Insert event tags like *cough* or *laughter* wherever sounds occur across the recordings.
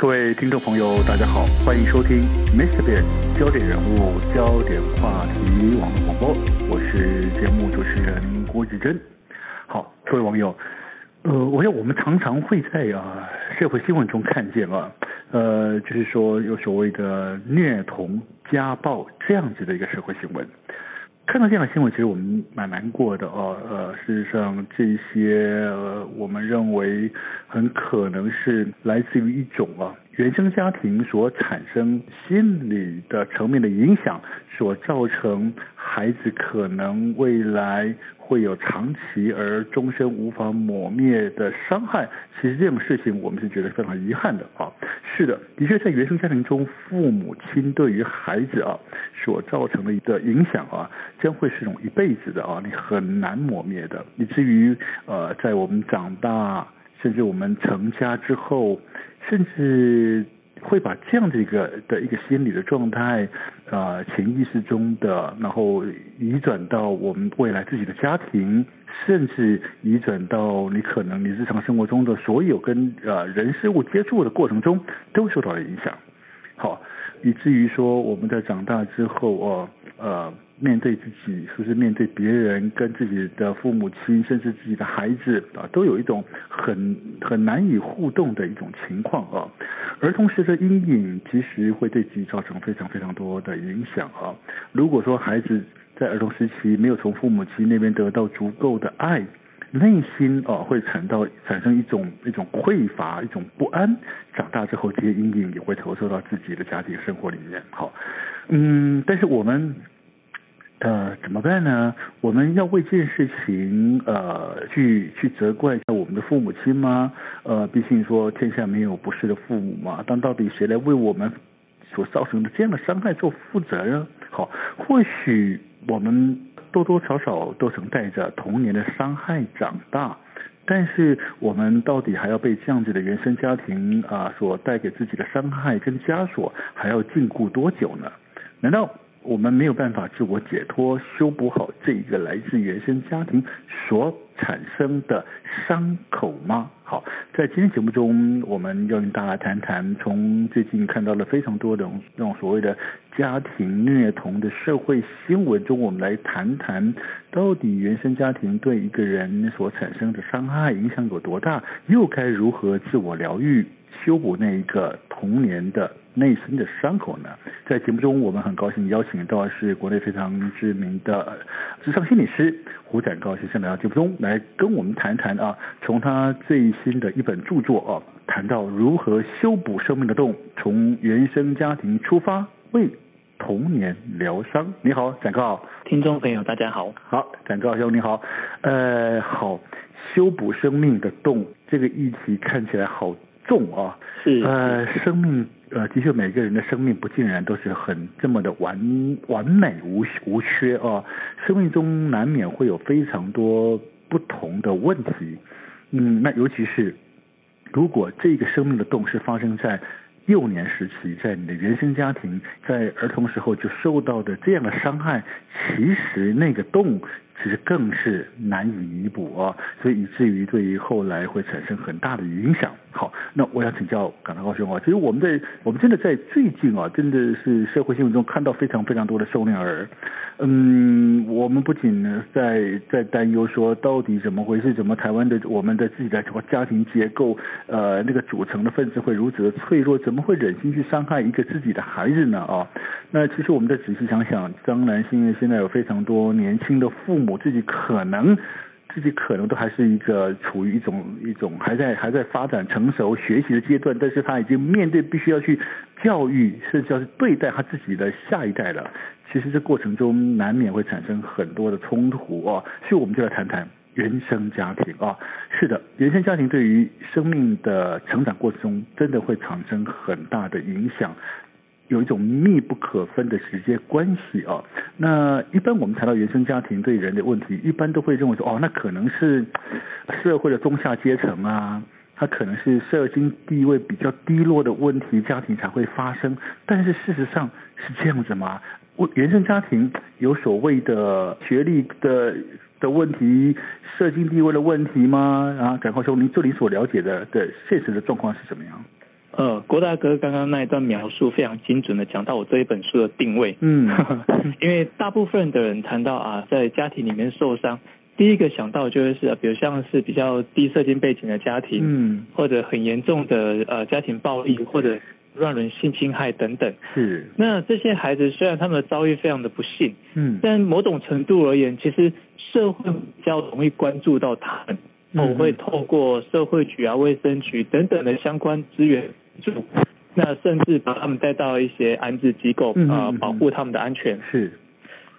各位聽眾朋友，大家好，歡迎收聽 Mr.Big《焦點人物》《焦點話題》網路廣播，我是節目主持人郭志珍。好，各位網友，呃，我想我們常常會在啊社會新聞中看見啊，呃，就是說有所謂的虐童、家暴這樣子的一個社會新聞。看到這樣的新聞，其實我們蠻難過的哦。呃，事實上，這些，呃，我們認為很可能是來自於一種啊。原生家庭所產生心理的層面的影響，所造成孩子可能未來會有長期而終身無法磨滅的傷害。其實這種事情，我們是覺得非常遺憾的啊。是的，的確在原生家庭中，父母親對於孩子啊所造成的一個影響啊，將會是一種一輩子的啊，你很難磨滅的。以至於呃，在我們長大，甚至我們成家之後。甚至會把這樣的一個的一個心理的狀態啊，潛、呃、意識中的，然後移轉到我們未來自己的家庭，甚至移轉到你可能你日常生活中的所有跟啊、呃、人事物接觸的過程中，都受到了影響。好，以至於說我們在長大之後，呃呃。面對自己，是不是面對別人，跟自己的父母親，甚至自己的孩子啊，都有一種很很難以互動的一種情況啊。兒童時的陰影其實會對自己造成非常非常多的影響啊。如果說孩子在兒童時期沒有從父母親那邊得到足夠的愛，內心啊會產到產生一種一種匱乏、一種不安。長大之後，這些陰影也會投射到自己的家庭生活裡面。好、啊，嗯，但是我們。呃，怎麼辦呢？我們要為這件事情，呃，去去責怪一下我們的父母親嗎？呃，畢竟說天下沒有不是的父母嘛。但到底誰來為我們所造成的這樣的傷害做負責呢？好，或許我們多多少少都曾帶着童年的傷害長大，但是我們到底還要被這樣子的原生家庭啊所帶給自己的傷害跟枷鎖還要禁錮多久呢？難道？我們沒有辦法自我解脫、修補好這一個來自原生家庭所產生的傷口嗎？好，在今天節目中，我們要跟大家談談，從最近看到了非常多的這種所謂的家庭虐童的社會新聞中，我們來談談，到底原生家庭對一個人所產生的傷害影響有多大，又該如何自我療癒？修補那一個童年的內心的傷口呢？在節目中，我們很高興邀請到是國內非常知名的諮商心理師胡展誥先生來到節目中來跟我們談談啊，從他最新的一本著作啊談到如何修補生命的洞，從原生家庭出發為童年療傷。你好，展誥。聽眾朋友大家好，好，展誥兄你好，呃，好，修補生命的洞這個議題看起來好。洞啊，是呃，生命呃，的確每個人的生命不盡然都是很這麼的完完美無無缺啊，生命中難免會有非常多不同的問題，嗯，那尤其是如果這個生命的洞是發生在幼年時期，在你的原生家庭，在兒童時候就受到的這樣的傷害，其實那個洞。其實更是難以彌補啊，所以以至於對於後來會產生很大的影響。好，那我要請教港大高雄啊，其實我們在，我們真的在最近啊，真的是社會新聞中看到非常非常多的受虐兒。嗯，我們不僅呢在在擔憂說到底怎麼回事，怎麼台灣的我們的自己的家庭結構呃那個組成的分子會如此的脆弱，怎麼會忍心去傷害一個自己的孩子呢啊？那其實我們再仔細想想，當然是因為現在有非常多年輕的父母。我自己可能，自己可能都還是一個處於一種一種還在還在發展成熟學習的階段，但是他已經面對必須要去教育，甚至要去對待他自己的下一代了。其實這過程中難免會產生很多的衝突啊，所以我們就來談談原生家庭啊。是的，原生家庭對於生命的成長過程中真的會產生很大的影響。有一種密不可分的直接關係啊、哦。那一般我們談到原生家庭對人的問題，一般都會認為說，哦，那可能是社會的中下階層啊，他可能是社經地位比較低落的問題家庭才會發生。但是事實上是這樣子嗎？原生家庭有所謂的學歷的的問題，社經地位的問題嗎？啊，展誥兄，你就你所了解的的現實的狀況是怎麼樣？呃，郭大哥剛剛那一段描述非常精準的講到我這一本書的定位。嗯， *laughs* 因為大部分的人談到啊，在家庭裡面受傷，第一個想到就就是、啊，比如像是比較低社經背景的家庭，嗯，或者很嚴重的呃、啊、家庭暴力或者亂倫性侵害等等。是，那這些孩子雖然他們的遭遇非常的不幸，嗯，但某種程度而言，其實社會比較容易關注到他們，我、嗯嗯、會透過社會局啊、衛生局等等的相關資源。那甚至把他們帶到一些安置機構啊、呃，保護他們的安全。嗯嗯嗯是，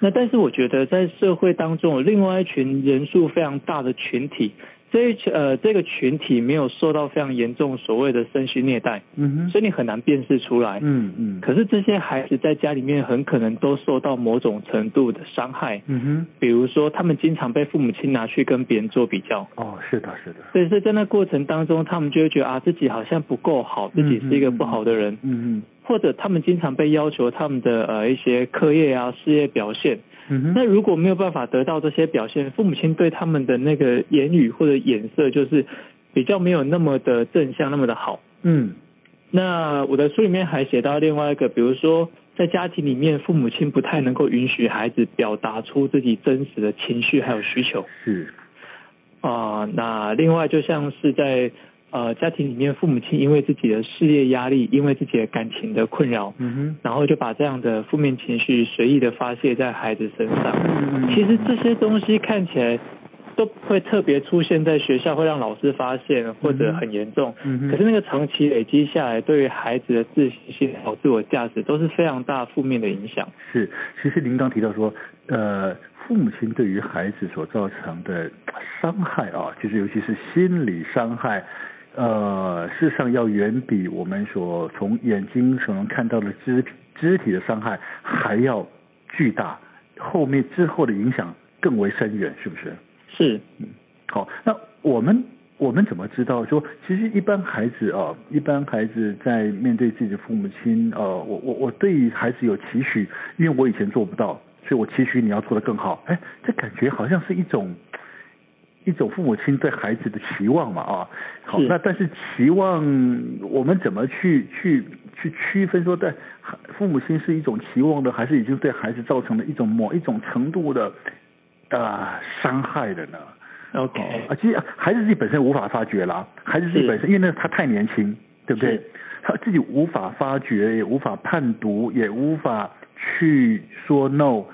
那但是我覺得在社會當中，有另外一群人數非常大的群體。這一呃這個群體沒有受到非常嚴重所謂的身心虐待，嗯哼，所以你很難辨識出來，嗯嗯，嗯可是這些孩子在家裡面很可能都受到某種程度的傷害，嗯哼，比如說他們經常被父母親拿去跟別人做比較，哦是的，是的，所以在那過程當中，他們就會覺得啊自己好像不夠好，自己是一個不好的人，嗯嗯哼，或者他們經常被要求他們的呃一些課業啊事業表現，嗯，那如果沒有辦法得到這些表現，父母親對他們的那個言語或者眼色，就是比較沒有那麼的正向，那麼的好。嗯，那我的書裡面還寫到另外一個，比如說在家庭裡面，父母親不太能夠允許孩子表達出自己真實的情緒還有需求。嗯是，啊、呃，那另外就像是在。呃，家庭裡面父母親因為自己的事業壓力，因為自己的感情的困擾，嗯、哼然後就把這樣的負面情緒隨意的發洩在孩子身上。嗯、哼其實這些東西看起來都不會特別出現在學校，會讓老師發現或者很嚴重。嗯、哼可是那個長期累積下來，對於孩子的自信心和自我價值都是非常大負面的影響。是，其實您剛提到說，呃，父母親對於孩子所造成的傷害啊、哦，其實尤其是心理傷害。呃，事實上要遠比我們所從眼睛所能看到的肢肢體的傷害還要巨大，後面之後的影響更為深遠，是不是？是，嗯，好，那我們我們怎麼知道說，其實一般孩子啊、哦，一般孩子在面對自己的父母親，呃、哦，我我我對於孩子有期許，因為我以前做不到，所以我期許你要做得更好，哎，這感覺好像是一種。一種父母親對孩子的期望嘛，啊，好，是那但是期望我們怎麼去去去區分說在，父母親是一種期望的，還是已經對孩子造成了一種某一種程度的啊、呃、傷害的呢？OK，啊，其實孩子自己本身無法發覺啦，孩子自己本身是因為那他太年輕，對不對？是他自己無法發覺，也無法判讀，也無法去說 no，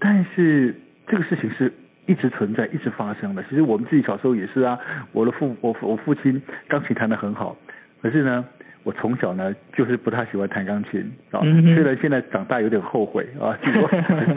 但是這個事情是。一直存在，一直發生的。其實我們自己小時候也是啊。我的父，我父，我父親鋼琴彈得很好，可是呢，我從小呢，就是不太喜歡彈鋼琴，啊，雖然現在長大有點後悔，嗯、哼啊，就說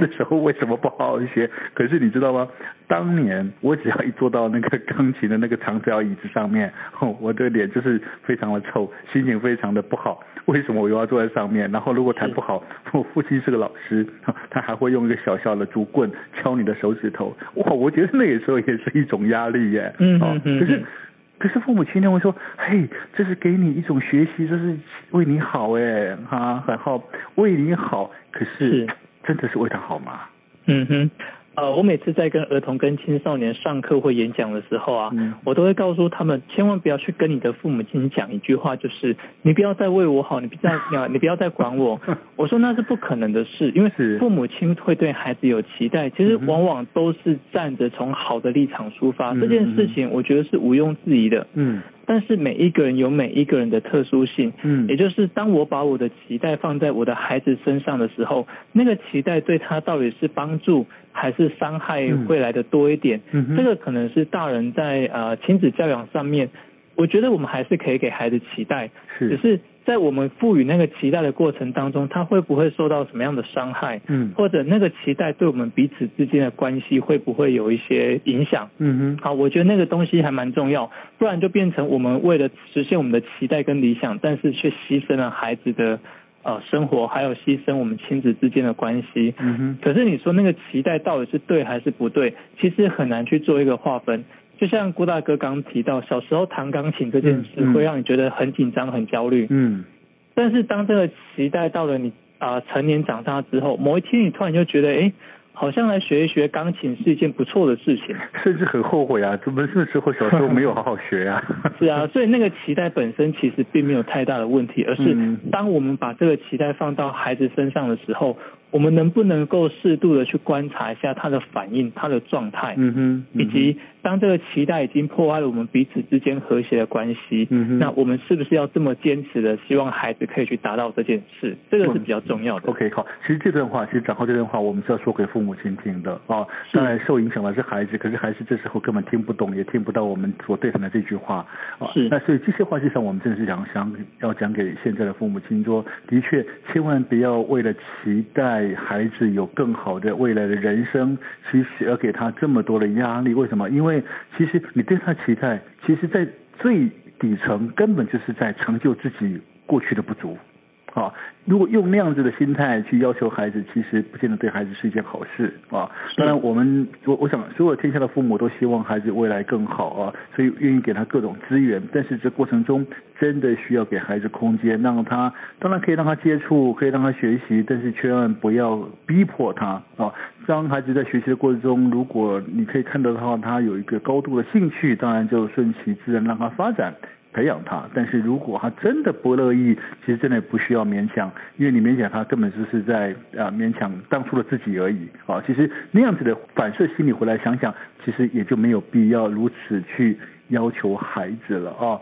那時候為什麼不好好學？ *laughs* 可是你知道嗎？當年我只要一坐到那個鋼琴的那個長條椅子上面哼，我的臉就是非常的臭，心情非常的不好。為什麼我又要坐在上面？然後如果彈不好，是我父親是個老師，他還會用一個小小的竹棍敲你的手指頭。哇，我覺得那個時候也是一種壓力耶。啊、嗯嗯。可是父母親認為說，嘿，這是給你一種學習，這是為你好哎，哈、啊，很好，為你好，可是，是真的是為他好嗎？嗯哼。呃，我每次在跟兒童、跟青少年上課或演講的時候啊，嗯、我都會告訴他們，千萬不要去跟你的父母親講一句話，就是你不要再為我好，你不要再 *laughs* 你不要再管我。我說那是不可能的事，因為父母親會對孩子有期待，是其實往往都是站着從好的立場出發。嗯、哼這件事情，我覺得是毋庸置疑的。嗯。但是每一個人有每一個人的特殊性，嗯，也就是當我把我的期待放在我的孩子身上的時候，那個期待對他到底是幫助還是傷害會來得多一點，嗯，嗯，這個可能是大人在呃親子教養上面，我覺得我們還是可以給孩子期待，是，只是。在我們賦予那個期待的過程當中，他會不會受到什麼樣的傷害？嗯，或者那個期待對我們彼此之間的關係會不會有一些影響？嗯哼，好，我覺得那個東西還蠻重要，不然就變成我們為了實現我們的期待跟理想，但是卻犧牲了孩子的呃生活，還有犧牲我們親子之間的關係。嗯哼，可是你說那個期待到底是對還是不對？其實很難去做一個劃分。就像郭大哥剛剛提到，小時候彈鋼琴這件事會讓你覺得很緊張、嗯、很焦慮。嗯。但是當這個期待到了你啊、呃、成年長大之後，某一天你突然就覺得，哎，好像來學一學鋼琴是一件不錯的事情。甚至很後悔啊！怎麼那時候小時候沒有好好學呀、啊？ *laughs* *laughs* 是啊，所以那個期待本身其實並沒有太大的問題，而是當我們把這個期待放到孩子身上的時候。我們能不能夠適度的去觀察一下他的反應、他的狀態，嗯哼，嗯哼，以及當這個期待已經破壞了我們彼此之間和諧的關係，嗯哼，那我們是不是要這麼堅持的希望孩子可以去達到這件事？這個是比較重要的。嗯、OK，好，其實這段話，其實展誥這段話，我們是要說給父母親聽的啊。是當然受影響的是孩子，可是孩子這時候根本聽不懂，也聽不到我們所對他的這句話啊。是。那所以這些話，實際上我們真的是想想要講給現在的父母親說，的確，千萬不要為了期待，給孩子有更好的未來的人生，其實而給他這麼多的壓力，為什麼？因為其實你對他期待，其實，在最底層根本就是在成就自己過去的不足。啊，如果用那樣子的心態去要求孩子，其實不見得對孩子是一件好事啊。當然，我們我我想，所有天下的父母都希望孩子未來更好啊，所以願意給他各種資源。但是這過程中，真的需要給孩子空間，讓他當然可以讓他接觸，可以讓他學習，但是千萬不要逼迫他啊。當孩子在學習的過程中，如果你可以看到他有一個高度的興趣，當然就順其自然讓他發展。培養他，但是如果他真的不樂意，其實真的也不需要勉強，因為你勉強他，根本就是在啊，呃，勉強當初的自己而已啊，哦。其實那樣子的反射心理回來想想，其實也就沒有必要如此去要求孩子了啊。哦